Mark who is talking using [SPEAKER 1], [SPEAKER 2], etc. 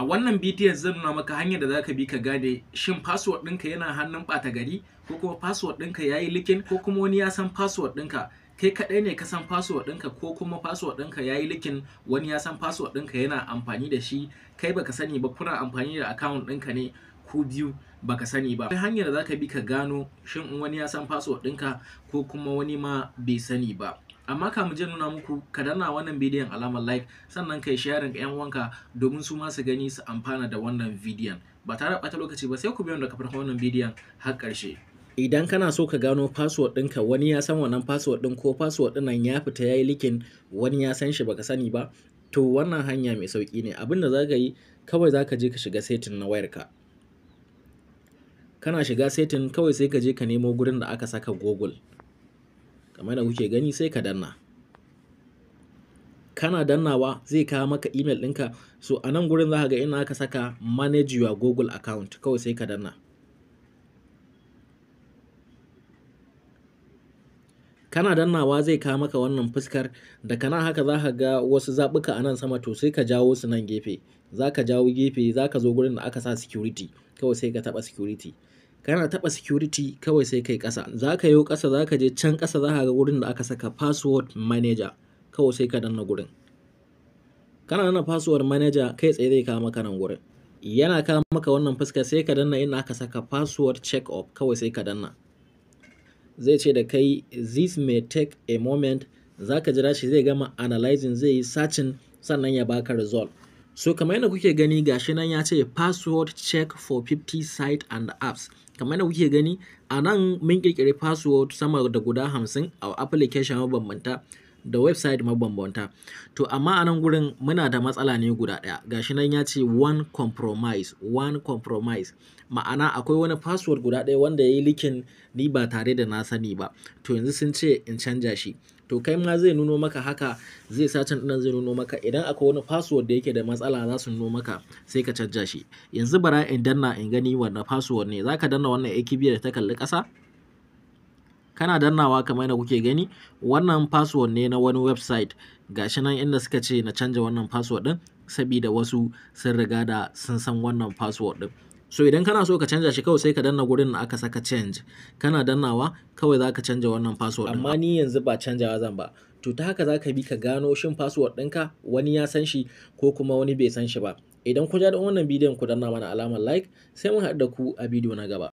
[SPEAKER 1] a wannan bidiyon zan nuna maka hanyar da zaka bi ka gane shin password ɗinka yana hannun ɓata gari ko kuma password ɗinka yayi likin ko kuma wani ya san password ɗinka kai kaɗai ne ka san password ɗinka ko kuma password ɗinka yayi likin wani ya san password ɗinka yana amfani da shi kai baka sani ba kuna amfani da account ɗinka ne ku biyu baka sani ba hanyar da zaka bi ka gano shin wani ya san password ɗinka ko kuma wani ma bai sani ba amma mu je nuna muku ka danna wannan bidiyon alamar like sannan kai sharing ga yan wanka domin su ma su gani su amfana da wannan bidiyon ba tare da ɓata lokaci ba sai ku biyo da kafar wannan bidiyon har ƙarshe idan kana so ka gano password ɗinka wani ya san wannan password ɗin ko password ɗin nan ya fita yayi yi likin wani ya san shi baka sani ba to wannan hanya mai sauki ne abin da za ka yi kawai za ka je ka shiga setting na wayarka kana shiga setting kawai sai ka je ka nemo gurin da aka saka google kamar da kuke gani sai ka danna kana dannawa zai kawo maka email ɗinka so a nan gurin za ka ga ina aka saka manage your google account kawai sai ka danna kana dannawa zai kawo maka wannan fuskar da kana haka za ka ga wasu zaɓuka a nan sama to sai ka jawo su nan gefe za ka jawo gefe za ka zo gurin da aka sa security kawai sai ka taɓa security kana taɓa security kawai sai kai ƙasa za ka yi ƙasa za ka je can ƙasa za ka ga wurin da aka saka password manager kawai sai ka danna gurin kana nana password manager kai tsaye zai kawo maka nan gurin yana kama maka wannan fuska sai ka danna inda aka saka password check up kawai sai ka danna zai ce da kai this may take a moment za ka jira shi zai gama analyzing zai yi searching sannan ya baka result So kamar yadda kuke gani gashi nan ya ce password check for 50 site and apps. Kamar yadda kuke gani a nan mun kirkiri password sama da guda hamsin a application mabambanta da website mabambanta. To amma a nan gurin muna da matsala ne guda ɗaya. Gashi nan ya ce one compromise, one compromise. Ma'ana akwai wani password guda ɗaya wanda ya yi likin ni ba tare da na sani ba. To yanzu sun ce in canja shi. to kai ma zai nuno maka haka zai sacin ɗin zai nuno maka idan akwai wani password da yake da matsala za su nuno maka sai ka canja shi yanzu bara in danna in gani wannan password ne zaka danna wannan AKB da ta kalli ƙasa kana dannawa kamar yadda kuke gani wannan password ne na wani website gashi nan inda suka ce na canja wannan password din sabida wasu sun riga da sun san wannan password din so idan kana so ka canja shi kawai sai ka danna gurin da aka saka change kana dannawa kawai za ka canja wannan password amma ni yanzu ba canjawa zan ba to ta haka za ka bi ka gano shin password ɗinka wani ya san shi ko kuma wani bai san shi ba idan ku ja da wannan bidiyon ku danna mana alamar like sai mun haɗu da ku a bidiyo na gaba